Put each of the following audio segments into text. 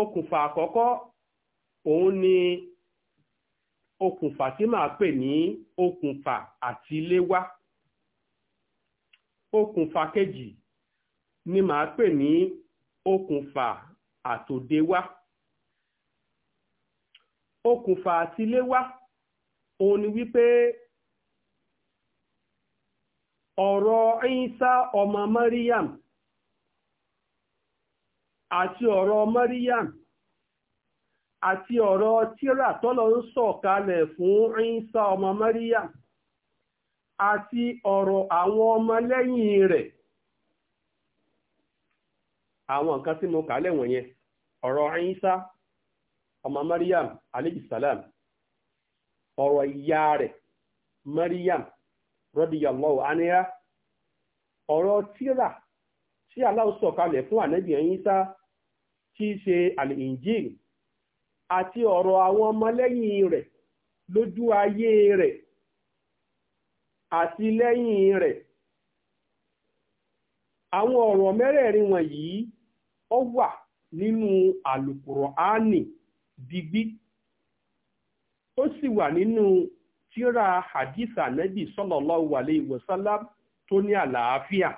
okùnfà àkọ́kọ́ òun ni okùnfà tí màá pè ní okùnfà àtiléwá okùnfà kejì ni ma pè ní okùnfà àtòdéwá okùnfà àtiléwá òun ni wípé ọ̀rọ̀ sá ọmọ mariam. àti ọ̀rọ̀ Maryam àti ọ̀rọ̀ tíra tọ́lọ ń sọ̀kalẹ̀ fún Ìsá ọmọ Maryam àti ọ̀rọ̀ àwọn ọmọlẹ́yìn rẹ̀ àwọn nǹkan tí mo kà lẹ́wọ̀n yẹn ọ̀rọ̀ Ìsá ọmọ Maryam aleyhisselam ọ̀rọ̀ ìyá rẹ̀ Maryam radiyallahu anha ọ̀rọ̀ tíra tí Allah sọ̀kalẹ̀ fún ànábì Ìsá tí í ṣe àlìyìnjìn àti ọ̀rọ̀ àwọn ọmọlẹ́yìn rẹ̀ lójú ayé rẹ̀ àti lẹ́yìn rẹ̀ àwọn ọ̀rọ̀ mẹ́rẹ̀ẹ̀rin wọ̀nyí ó wà nínú àlùkùránì digbí ó sì wà nínú tíra hadith anabi sọ́lọ̀lọ́ alayhi wa tó ní àlàáfíà.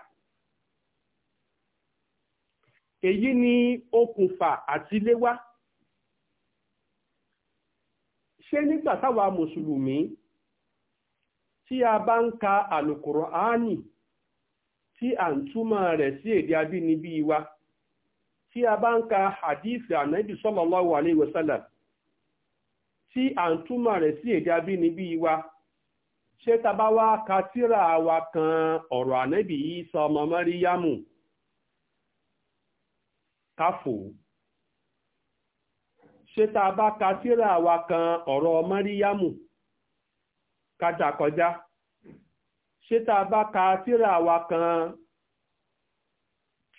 èyí ni okùnfà àti léwá ṣé nígbà táwa mùsùlùmí tí a bá ń ka àlùkùránì tí a ń túmọ̀ rẹ̀ sí èdè abínibí wa tí a bá ń ka hadith ànábì sallallahu alaihi wasallam tí a ń túmọ̀ rẹ̀ sí èdè abínibí wa ṣé tá bá wá ka tírà wa kan ọ̀rọ̀ ànábì Ìsá ọmọ Màríyámù káfò ṣé tá a bá ka síra wa kan ọ̀rọ̀ mọ́ríyámù kájà kọjá ṣé tá a bá ka síra wa kan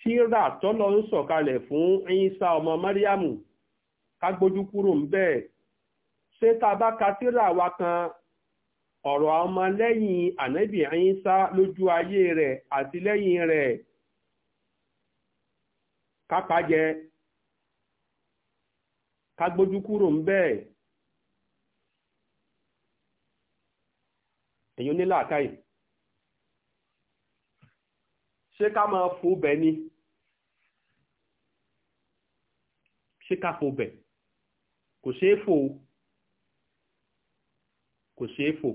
tíra tọ́lọ ń sọ̀kalẹ̀ fún Ìsá ọmọ mọ́ríyámù ká gbójú kúrò ń bẹ́ẹ̀ ṣé tá a bá ka síra wa kan ọ̀rọ̀ ọmọ lẹ́yìn ànábì lójú ayé rẹ̀ àti lẹ́yìn rẹ̀ kápájẹ ká gbójú kúrò ń bẹ́ẹ̀ èyí onílàákàyè ṣé ká máa fò bẹ̀ ni ṣé ká fò bẹ̀ kò ṣeé fò kò ṣeé fò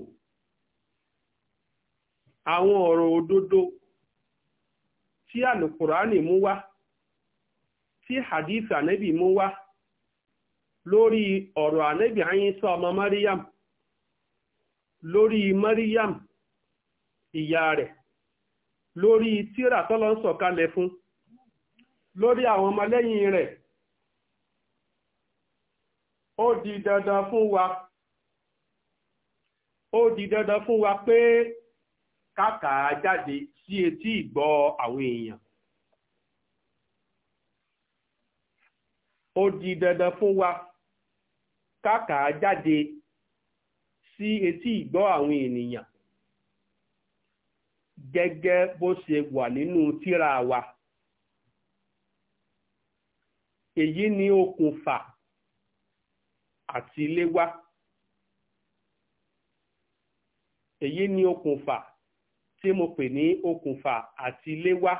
àwọn ọ̀rọ̀ òdodo tí àlùkùránì mú wá tí hadith Anabi mú wá lórí ọ̀rọ̀ Anabi ànábì sọ ọmọ Maryam lórí Maryam ìyá rẹ̀ lórí tíra tọ́lọ́ ń sọ̀kalẹ̀ fún lórí àwọn ọmọlẹ́yìn rẹ̀ ó di dandan fún wa ó di dandan fún wa pé kàkà jáde sí etí ìgbọ́ àwọn èèyàn ó di dandan fún wa káàkà jáde sí etí ìgbọ́ àwọn ènìyàn gẹ́gẹ́ bó ṣe wà nínú tírà wa èyí ni okùnfà àti léwá èyí ni okùnfà tí mo pè ní okùnfà àti léwá.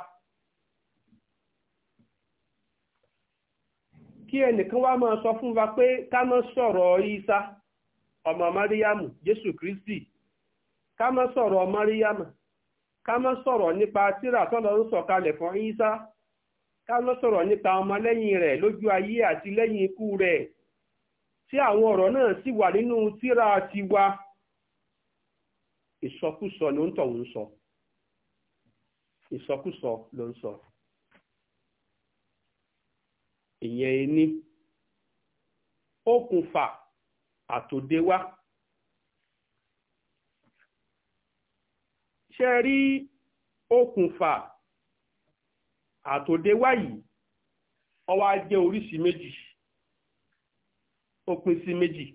kí ẹnìkan wá máa sọ fún wa pé ká má sọ̀rọ̀ Ìsá ọmọ Máríyámù Jésù Kristi ká má sọ̀rọ̀ Máríyámù ká má sọ̀rọ̀ nípa tírà tọ́lọ ń sọ̀kalẹ̀ fún Ìsá ká má sọ̀rọ̀ nípa ọmọlẹ́yìn rẹ̀ lójú ayé àti lẹ́yìn ikú rẹ̀ tí àwọn ọ̀rọ̀ náà sì wà nínú tírà tiwa ìsọkúsọ ló ń tọ̀ ń sọ ìsọkúsọ ló ń sọ. ìyẹn ení okùnfà àtòdéwá ṣe rí okùnfà àtòdéwá yìí ó wá jẹ́ oríṣi méjì ó pín sí méjì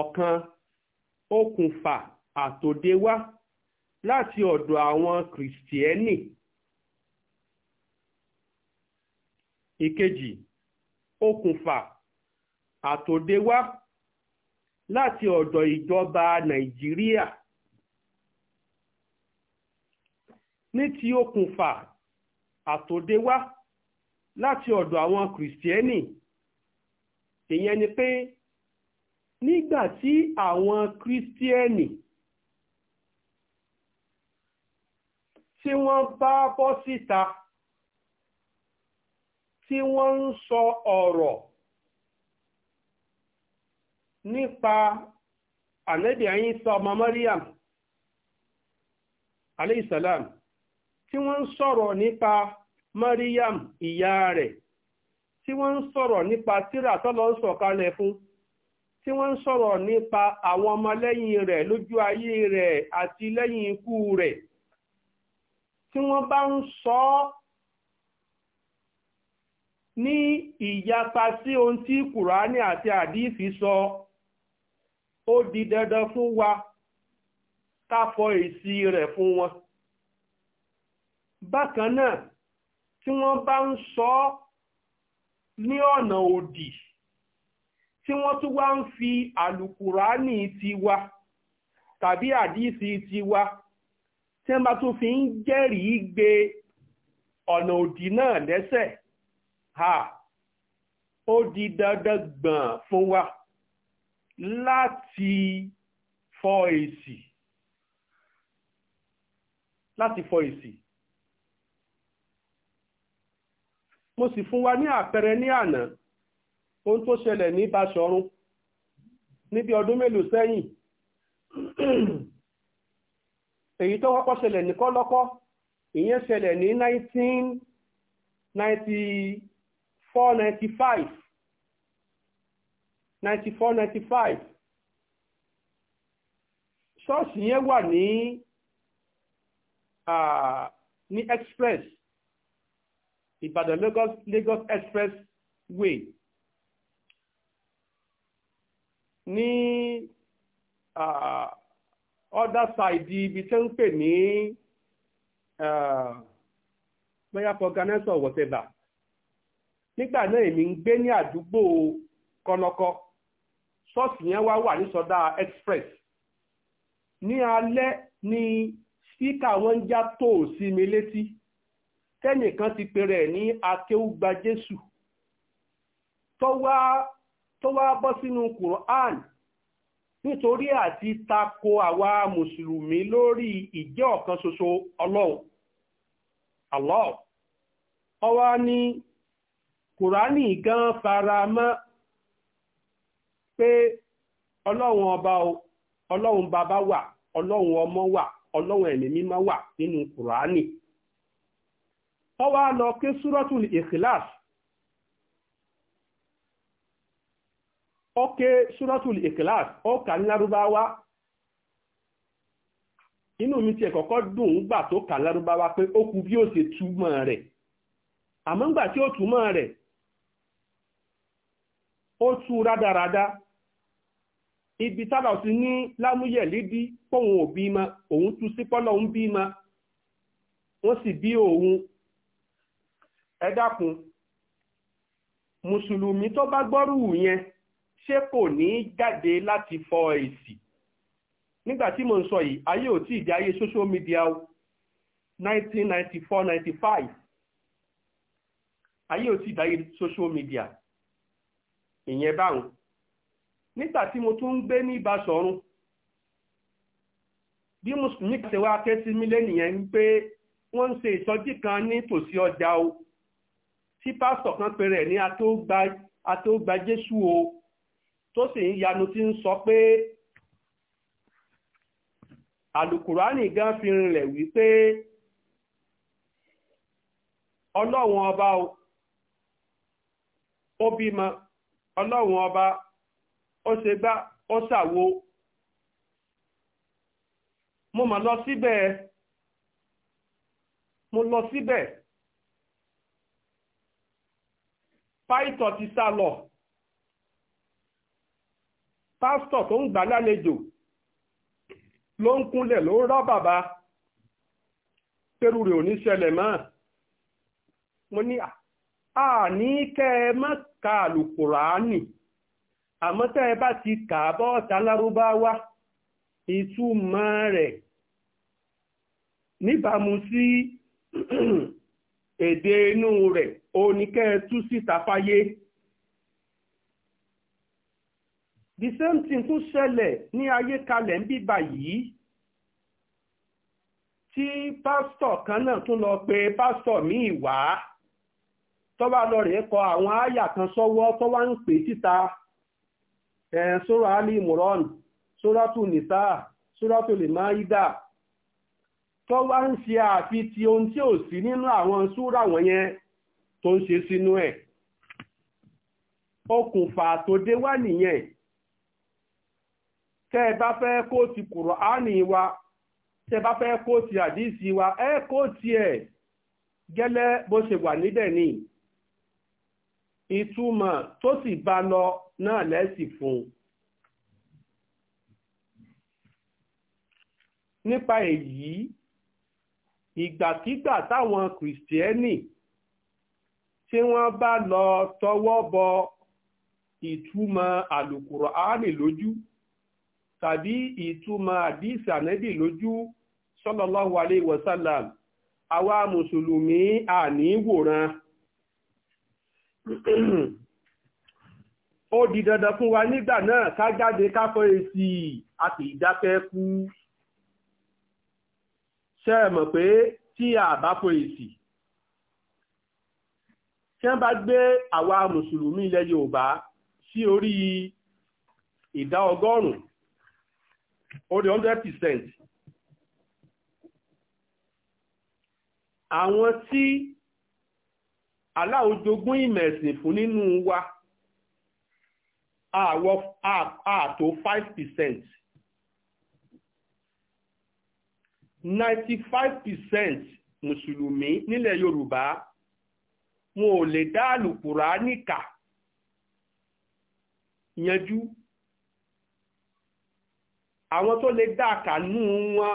ọ̀kan okùnfà àtòdéwá láti ọ̀dọ̀ àwọn kìrìsìtẹ́nì ìkejì okùnfà àtòdéwá láti ọ̀dọ̀ ìjọba nàìjíríà ní ti okùnfà àtòdéwá láti ọ̀dọ̀ àwọn kìrìsìtẹ́nì ìyẹn ni pé nígbà tí àwọn kìrìsìtẹ́nì tí wọ́n bá bọ́ síta. Si tí wọ́n ń sọ ọ̀rọ̀ nípa ànábì Ìsá ọmọ Maryam aleyhisalam tí wọ́n ń sọ̀rọ̀ nípa mariam ìyá rẹ̀ tí wọ́n ń sọ̀rọ̀ nípa tírà tọ́lọ́ ń sọ̀kalẹ̀ fún tí wọ́n ń sọ̀rọ̀ nípa àwọn ọmọlẹ́yìn rẹ̀ lójú ayé rẹ̀ àti lẹ́yìn ikú rẹ̀ tí wọ́n bá ń sọ ọ́ ní ìyapa sí ohun tí kùránì àti àdífì sọ ó di dandan fún wa ká fọ èsì rẹ̀ fún wọn bákan náà tí wọ́n bá ń sọ ní ọ̀nà òdì tí wọ́n tún wá ń fi àlùkùránì tiwa tàbí àdísì tiwa tí wọ́n bá tún fi ń jẹ́rìí gbé ọ̀nà òdì náà lẹ́sẹ̀ ha ó di dandan gbọ̀n fún wa láti fọ èsì láti fọ èsì mo sì fún wa ní àpẹẹrẹ ní àná ohun tó ṣẹlẹ̀ ní Báṣọ̀run níbi ọdún mélòó sẹ́yìn èyí tó kọ́kọ́ ṣẹlẹ̀ ní Kọ́lọ́kọ́ ìyẹn ṣẹlẹ̀ ní 1990 9495 9495 ṣọ́ọ̀ṣì yẹn wà ní ní express Ìbàdàn Lagos Lagos express way ní other side ibi tí ń pè ní bóyá for Ganesha or whatever nígbà náà èmi ń gbé ní àdúgbò kọlọkọ ṣọ́ọ̀ṣì yẹn wá wà ní sọdá express ní alẹ́ ni spíkà wọn ń já tó sí mi létí tẹ́nìkan ti pèrè ní akéúgba jésù tó wá bọ́ sínú Quran nítorí àti tako àwa mùsùlùmí lórí ìjẹ́ ọ̀kan ṣoṣo ọlọ́run Allah kùránì gan fara mọ́ pé ọlọ́run ọba o ọlọ́run bàbá wà ọlọ́run ọmọ wà ọlọ́run ẹ̀mí mímọ́ wà nínú kùránì wọ́n wá lọ ké súrọ́tù ìkìláàsì ó ké súrọ́tù ìkìláàsì ó kà ní lárúbáwá inú mi ti kọ́kọ́ dùn ún gbà tó kà ó tú rádaràda ibi tábà ti ní lámúyẹ̀ lédí pòun ò bímọ òun tú sí pọ́lọ́ ń bímọ wọ́n sì bí òun ẹ dákun mùsùlùmí tó bá gbọ́rù yẹn ṣé kò ní jáde láti fọ èsì nígbà tí mo ń sọ yìí ayé ò tí ì ayé social media 1994-95 ayé ò tí ì social media ìyẹn báwọn nígbà tí mo tún ń gbé ní Ìbáṣọ̀run bí mùsùlùmí kan ṣe wá ké sí mi lẹ́nìyẹn ń pé wọ́n ń ṣe ìsọjí kan ní tòsí ọjà o tí pásítọ̀ kan pe rẹ̀ ní atógba Jésù o tó sì ń yanu tí ń sọ pé àlùkùránì gan fi rinlẹ̀ wípé ọlọ́wọ́n ọba o ó bímọ ọlọ́run ọba ó ṣe gbá ó ṣàwo mo mà lọ síbẹ̀ mo lọ síbẹ̀ pásítọ̀ ti sá lọ pásítọ̀ tó ń gbà lálejò ló ń kúnlẹ̀ ló rọ́ bàbá pẹ̀rù rẹ̀ ò ní ṣẹlẹ̀ mọ́ mo ní àní kẹ́ ẹ má ka àlùkùránì àmọ́ tẹ́ ẹ bá ti kà á bọ́ ọ̀tá lárúbáwá ìtumọ̀ rẹ̀ níbàámu sí èdè inú rẹ̀ oníkẹ́ tú síta fáyé. the same thing tún ṣẹlẹ̀ ní ayé kalẹ̀ ń bíbà yìí tí pásítọ̀ kan náà tún lọ pe pásítọ̀ míì wá. tọ́ba lọ rẹ̀ kọ àwọn àyà kan sọ́wọ́ tó ń pè títa sórà ali imran sóràtù nìsá sóràtù lèmáídà tó ń ṣe àfi ti ohun tí ò sí nínú àwọn àwọn yẹn tó ń ṣe sínú ẹ̀ okùnfà tó dé wá nìyẹn tẹ́ ẹ bá fẹ́ wa tẹ́ ẹ bá fẹ́ wa ẹ kó ti gẹ́lẹ́ bó ìtumọ̀ tó sì bá lọ náà lẹ́sì fún un. nípa èyí ìgbàkígbà táwọn kìrìsìtẹ́nì tí wọ́n bá lọ tọwọ́ bọ ìtumọ̀ àlùkùránì lójú tàbí ìtumọ̀ àdìsí ànẹ́bì lójú sallallahu alaihi wasallam àwa mùsùlùmí àníwòrán ó di dandan fún wa nígbà náà ká jáde ká èsì a kì í dákẹ́ kú ṣe é pé tí a bá fọ èsì tí wọ́n bá gbé àwa mùsùlùmí ilẹ̀ Yorùbá sí orí ìdá ọgọ́rùn-ún orí 100% àwọn tí Allah ó jogún ìmẹ̀sìn fún nínú wa àtò five percent ninety five percent mùsùlùmí nílẹ̀ Yorùbá wọn ò lè dá àlùkùrá níkà yanjú àwọn tó lè dá àkànú wọn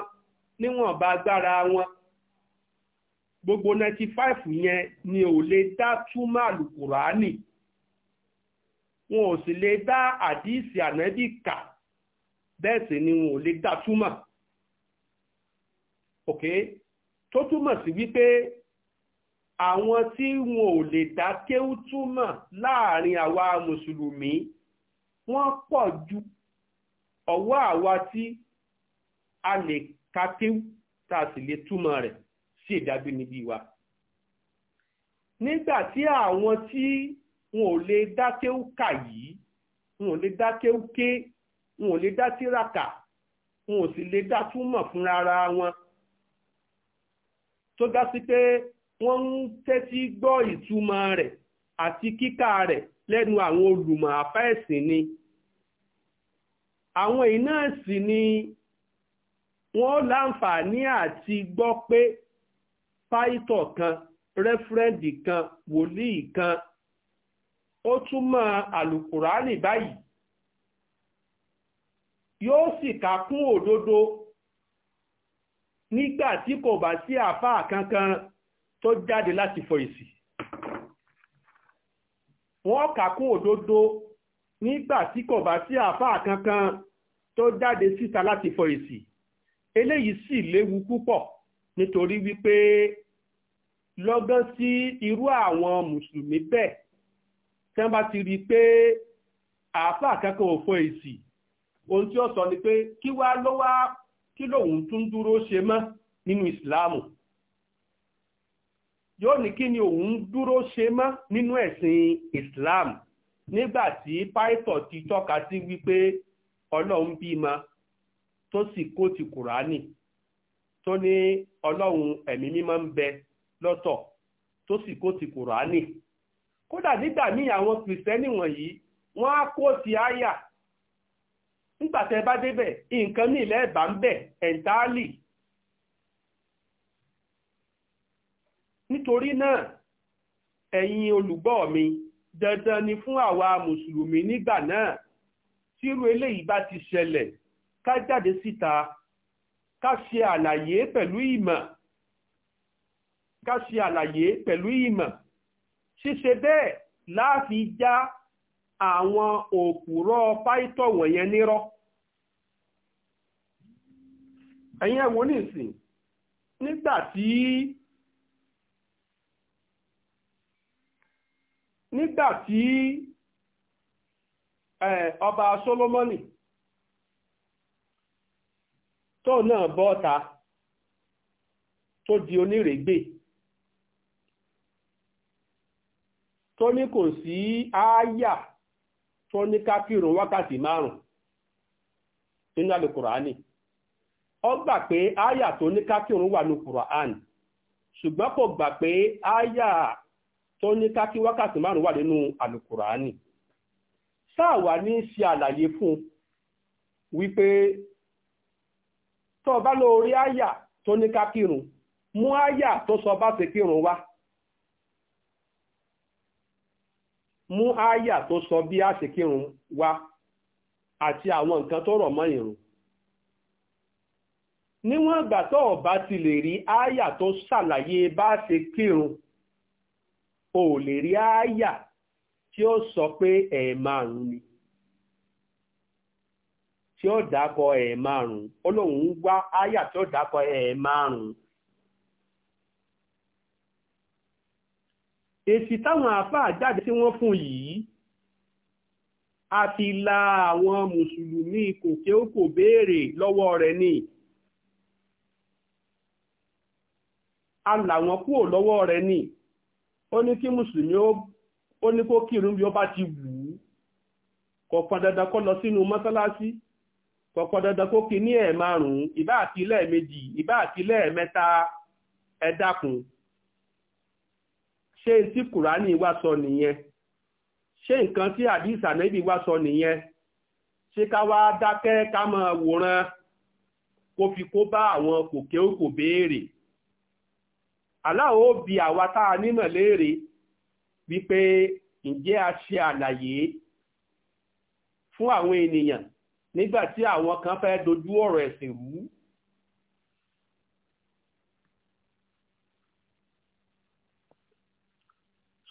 níwọ̀nba agbára wọn gbogbo ninety five yẹn ni ò lè dá túmọ̀ àlùkùránì wọn ò sì lè dá àdíìsì ànábì kà bẹ́ẹ̀ sì ni wọn ò lè dá túmọ̀ ok tó túmọ̀ sí wípé àwọn tí wọn ò lè dá kéwú túmọ̀ láàrin àwa mùsùlùmí wọ́n pọ̀ ju ọwọ́ àwa tí a lè ka kéwú tá a sì lè túmọ̀ rẹ̀ sí ìdábí níbí wa nígbà tí àwọn tí wọn ò lè dákéwú kà yìí wọn ò lè dákéwú ké wọn ò lè dá tíraka wọn ò sì lè dá túmọ̀ fúnra ara wọn tó dá sí pé wọ́n ń tẹ́tí gbọ́ ìtumọ̀ rẹ̀ àti kíkà rẹ̀ lẹ́nu àwọn olùmọ̀ àfẹ́ẹ̀sìn ni àwọn iná sì ni wọ́n láǹfààní àti gbọ́ pé pásítọ̀ kan rẹ́fúrẹ́ǹdì kan wòlíì kan ó túmọ̀ àlùkùránì báyìí yóò sì kà kún òdodo nígbà tí kò bá sí àáfàá kankan tó jáde láti fọ èsì wọ́n kà kún òdodo nígbà tí kò bá sí àáfàá kankan tó jáde síta láti fọ èsì eléyìí sì léwu púpọ̀ nítorí wípé lọ́gán sí irú àwọn mùsùlùmí bẹ́ẹ̀ tí wọ́n bá ti rí i pé àáfàá kankan ò fọ èsì ohun tí ó sọ ni pé kí wá ló wá kí lòun tún dúró ṣe mọ́ nínú ìsìláàmù yóò ní kí ni òun dúró ṣe mọ́ nínú ẹ̀sìn ìsìláàmù nígbà tí pító ti tọ́ka sí wípé ọlọ́run bímọ tó sì kó ti kùránì tó ní ọlọ́run ẹ̀mí mímọ́ ń bẹ lọ́tọ̀ tó sì kó ti kùránì kódà nígbà míì àwọn kìrìsìtẹ́nì wọ̀nyí wọ́n á kó ti àyà nígbàtẹ́ bá débẹ̀ nǹkan ní ilẹ̀ ẹ̀bà ń bẹ̀ ẹ̀ńtáàlì nítorí náà ẹ̀yin olùgbọ́ mi dandan ni fún àwa mùsùlùmí nígbà náà tírú eléyìí bá ti ṣẹlẹ̀ ká jáde síta ká ṣe àlàyé pẹ̀lú ìmọ̀ ká ṣe àlàyé pẹ̀lú ìmọ̀ ṣíṣe bẹ́ẹ̀ láàfi já àwọn òpùrọ̀ pàìtọ̀ wọ̀nyẹn nírọ́ ẹ̀yin ẹ̀wọ̀n nìsín nígbà tí nígbà tí ọba Solomoni tó náà bọ́ta tó di onírègbè tó ní kò sí ááyà tó ní kápírùn wákàtí márùn nínú àlùkùránì ọ gbà pé ááyà tó ní kápírùn wà ní kùránì ṣùgbọ́n kò gbà pé ááyà tó ní kápí wákàtí márùn wà nínú ṣe àlàyé fún wípé tó bá lórí ááyà tó ní mú ááyà sọ bá mú áyà tó sọ bí a ṣe kírun wá àti àwọn nǹkan tó rọ̀ mọ́ ìrun níwọ̀n ìgbà tó ọba ti lè rí áyà tó ṣàlàyé bá ṣe kírun o lè rí áyà tí ó sọ pé ẹ̀ẹ̀márùn ni tí ó dákọ ẹ̀ẹ̀márùn ó lóun ń wá aya tí ó dákọ ẹ̀ẹ̀márùn èsì táwọn àáfàá jáde tí wọ́n fún yìí a ti la àwọn mùsùlùmí kòkè ó kò béèrè lọ́wọ́ rẹ̀ ni a là wọ́n lọ́wọ́ rẹ̀ ni ó ní kí mùsùlùmí ó ní kó kírun bí ó bá ti wù ú kò pọn dandan kó lọ sínú mọ́sálásí kò dandan kó kí ní ẹ̀ márùn-ún ìbá àti ilẹ̀ méjì ìbá àti ilẹ̀ mẹ́ta ẹ ṣé tí kùránì wá sọ nìyẹn ṣé nǹkan tí àdìsá nẹ́bí wá sọ nìyẹn ṣé ká wá dákẹ́ ká máa wòran kó fi kó bá àwọn kòkè òkò béèrè bi àwa tá a nímọ̀ wípé ǹjẹ́ a ṣe àlàyé fún àwọn ènìyàn nígbà tí àwọn kan fẹ́ dojú ọ̀rọ̀ ẹ̀sìn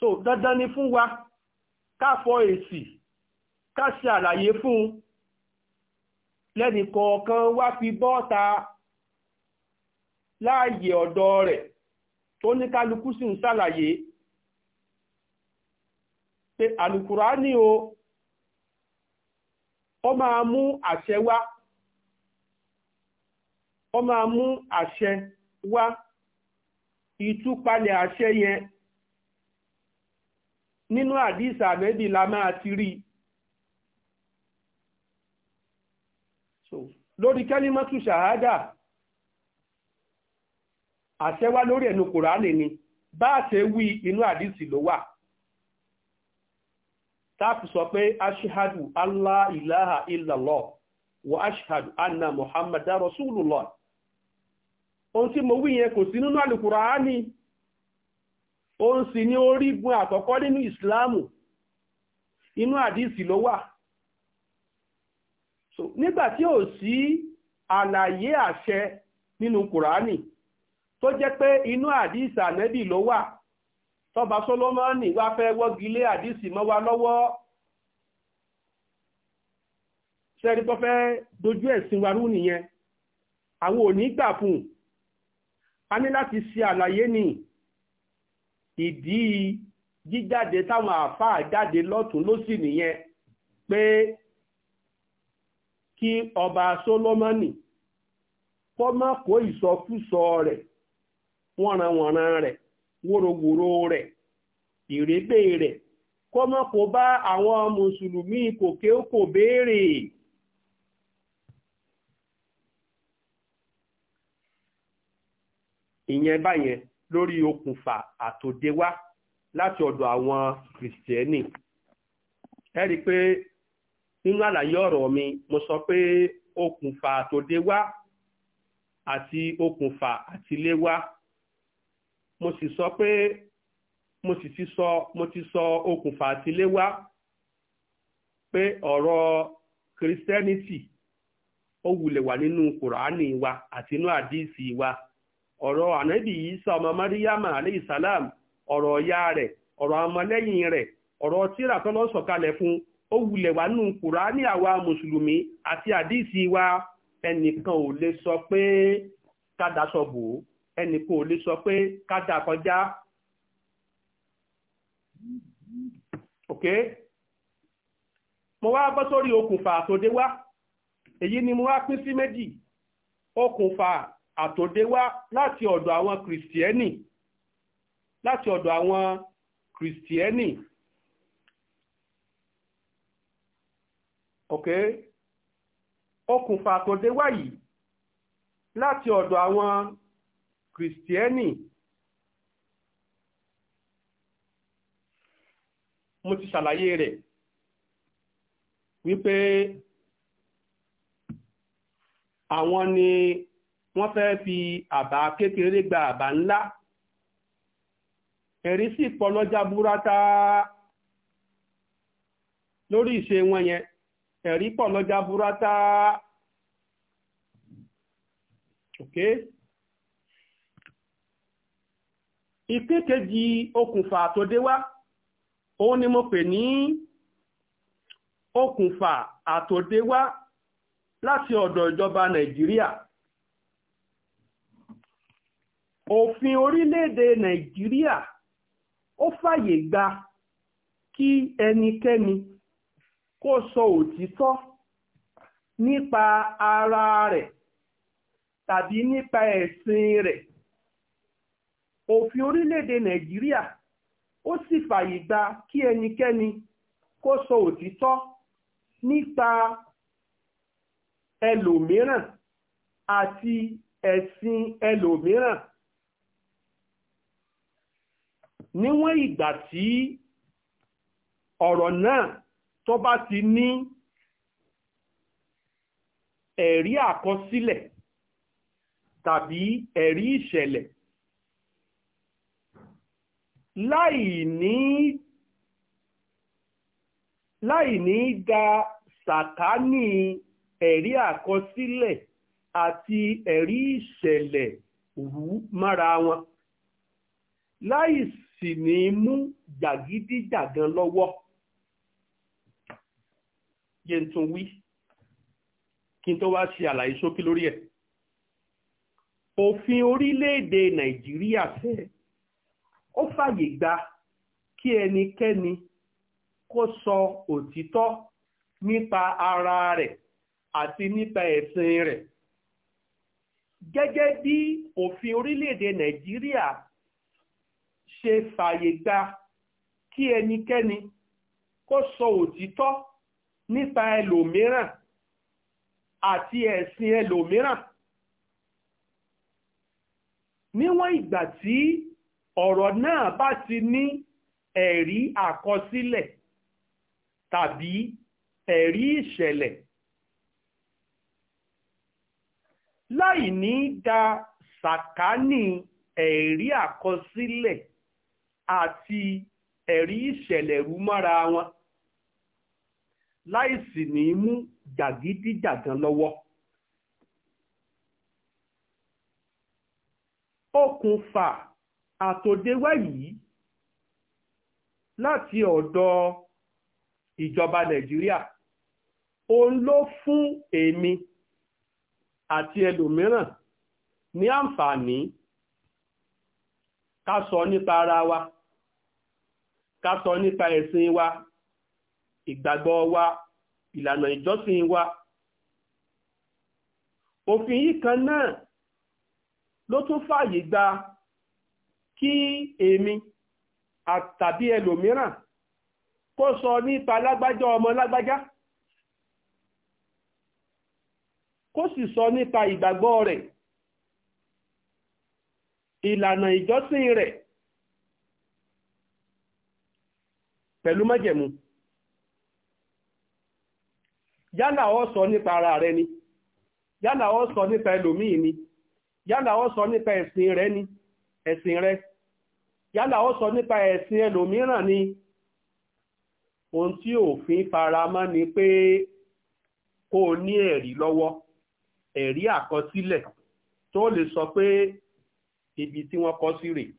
so dandan ni fún wa ká fọ èsì ká ṣe àlàyé fún un lẹ́nì kọ̀ọ̀kan wá fi bọ́ta láàyè ọ̀dọ̀ rẹ̀ tó ní kálukú sì ń ṣàlàyé pé àlùkùránì o ó máa mú àṣẹ wá ó máa mú àṣẹ wá ìtúpalẹ̀ àṣẹ yẹn nínú àdìsí àmẹ́bí la máa ti rí lórí kẹ́límọ́tù ṣàhádà àṣẹwá lórí ẹ̀nu kùránì ni bá a ṣe wí inú àdìsí ló wà táàpù sọ pé aṣíhádù allah ilaha illallah wa aṣíhádù anna muhammadu rasulullah ohun tí mo wí yẹn kò sí nínú àlùkùránì òun sì ní orígun àkọ́kọ́ nínú ìsìláàmù inú àdísì ló wà so ò sí àlàyé àṣẹ nínú kùránì tó jẹ́ pé inú àdísì ànẹ́bì ló wà tọba solomoni wá fẹ́ àdísì wa lọ́wọ́ sẹ́ni tó fẹ́ wa nìyẹn àwọn ò ní gbà fún a ní láti ṣe àlàyé nìyí ìdí jíjáde táwọn àfáà jáde lọ́tún lọ́sì nìyẹn pé kí ọba solomoni kó má kó ìsọkúsọ rẹ̀ wọ̀nranwọ̀nran rẹ̀ wóróworó rẹ̀ ìrébè rẹ̀ kó má kó bá àwọn mùsùlùmí kòkè kò béèrè. ìyẹn báyẹn lórí okùnfà àtòdé wá láti ọ̀dọ̀ àwọn kìrìsìtẹ́nì ẹ rí i pé nínú àlàyé ọ̀rọ̀ mi mo sọ pé okùnfà àtòdé wá àti okùnfà àtilé wá mo sì sọ pé mo sì ti sọ mo ti sọ okùnfà àtilé wá pé ọ̀rọ̀ kìrìsìtẹ́nìtì ó wulẹ̀ wà nínú kùránì wa àti inú àdíìsì wa. ọ̀rọ̀ ànábì Ìsá ọmọ Maryam alayhi salam ọ̀rọ̀ ọ̀yá rẹ̀ ọ̀rọ̀ ọmọlẹ́yìn rẹ̀ ọ̀rọ̀ tíra tọ́lọ́ sọ̀kalẹ̀ fún ó wulẹ̀ wá nù kùránì àwa mùsùlùmí àti àdìsí wa ẹnìkan ò lè sọ pé ká sọ bò ó ẹnìkan ò lè sọ pé ká kọjá ok mo wá bọ́ sórí okùnfà àtòdé wá èyí ni mo wá pín sí méjì okùnfà àtòdé wá láti ọ̀dọ̀ àwọn kìrìsìtẹ́nì láti ọ̀dọ̀ àwọn kìrìsìtẹ́nì ok okùnfà àtòdé wá yìí láti ọ̀dọ̀ àwọn kìrìsìtẹ́nì mo ti ṣàlàyé rẹ̀ wípé àwọn ni. wọ́n fẹ́ fi àbá kékeré gba àbá ńlá ẹ̀rí sì pọ̀ lọ́jà búrátá lórí ìṣe wọn yẹn ẹ̀rí pọ̀ lọ́jà búrátá okay ìkékejì okùnfà tó dé òun ni mo pè ní okùnfà àtòdéwá láti ọ̀dọ̀ ìjọba nàìjíríà òfin orílẹ̀-èdè nàìjíríà ó fàyè gba kí ẹnikẹ́ni kó sọ òtítọ́ nípa ara rẹ̀ tàbí nípa ẹ̀sìn rẹ̀ òfin orílẹ̀-èdè nàìjíríà ó sì fàyè gba kí ẹnikẹ́ni kó sọ òtítọ́ nípa ẹlòmíràn àti ẹ̀sìn ẹlòmíràn níwọ̀n ìgbà tí ọ̀rọ̀ náà tó bá ti ní ẹ̀rí àkọsílẹ̀ tàbí ẹ̀rí ìṣẹ̀lẹ̀ láì ní láì da sàkání ẹ̀rí àkọsílẹ̀ àti ẹ̀rí ìṣẹ̀lẹ̀ rú mára wọn láì sì ní mú jàgídíjàgan lọ́wọ́ yẹ n tún wí kí n tó wá ṣe àlàyé ṣókí lórí ẹ̀ òfin orílẹ̀-èdè nàìjíríà fẹ́ ó fàyè gba kí ẹnikẹ́ni kó sọ òtítọ́ nípa ara rẹ̀ àti nípa ẹ̀sìn rẹ̀ gẹ́gẹ́ bí òfin orílẹ̀-èdè nàìjíríà ṣe fàyè gba kí ẹnikẹ́ni kó sọ òtítọ́ nípa ẹlòmíràn àti ẹ̀sìn ẹlòmíràn níwọ̀n ìgbà tí ọ̀rọ̀ náà bá ti ní ẹ̀rí àkọsílẹ̀ tàbí ẹ̀rí ìṣẹ̀lẹ̀ láì ní da sàkání ẹ̀rí àkọsílẹ̀ àti ẹ̀rí ìṣẹ̀lẹ̀rú mára wọn láìsí ní mú jàgídíjàgan lọ́wọ́. okùnfà àtòdéwá yìí láti ọ̀dọ̀ ìjọba nàìjíríà òun ló fún èmi àti ẹlòmíràn ní àǹfààní ká sọ nípa ara wa. ká sọ nípa ẹ̀sìn wa ìgbàgbọ́ wa ìlànà ìjọsìn wa òfin yìí kan náà ló tún fààyè gba kí èmi àtàbí ẹlòmíràn kó sọ nípa lágbájá ọmọ lágbájá kó sì sọ nípa ìgbàgbọ́ rẹ̀ ìlànà ìjọsìn rẹ̀ pẹ̀lú májẹ̀mú yálà ó sọ nípa ara rẹ ni yálà ó sọ nípa ẹlòmíì ni yálà ó sọ nípa ẹ̀sìn rẹ ni ẹ̀sìn rẹ yálà ó sọ nípa ẹ̀sìn ẹlòmíràn ni ohun tí òfin faramọ́ ni pé kó o ní ẹ̀rí lọ́wọ́ ẹ̀rí àkọsílẹ̀ tó lè sọ pé ibi tí wọ́n kọ sí rèé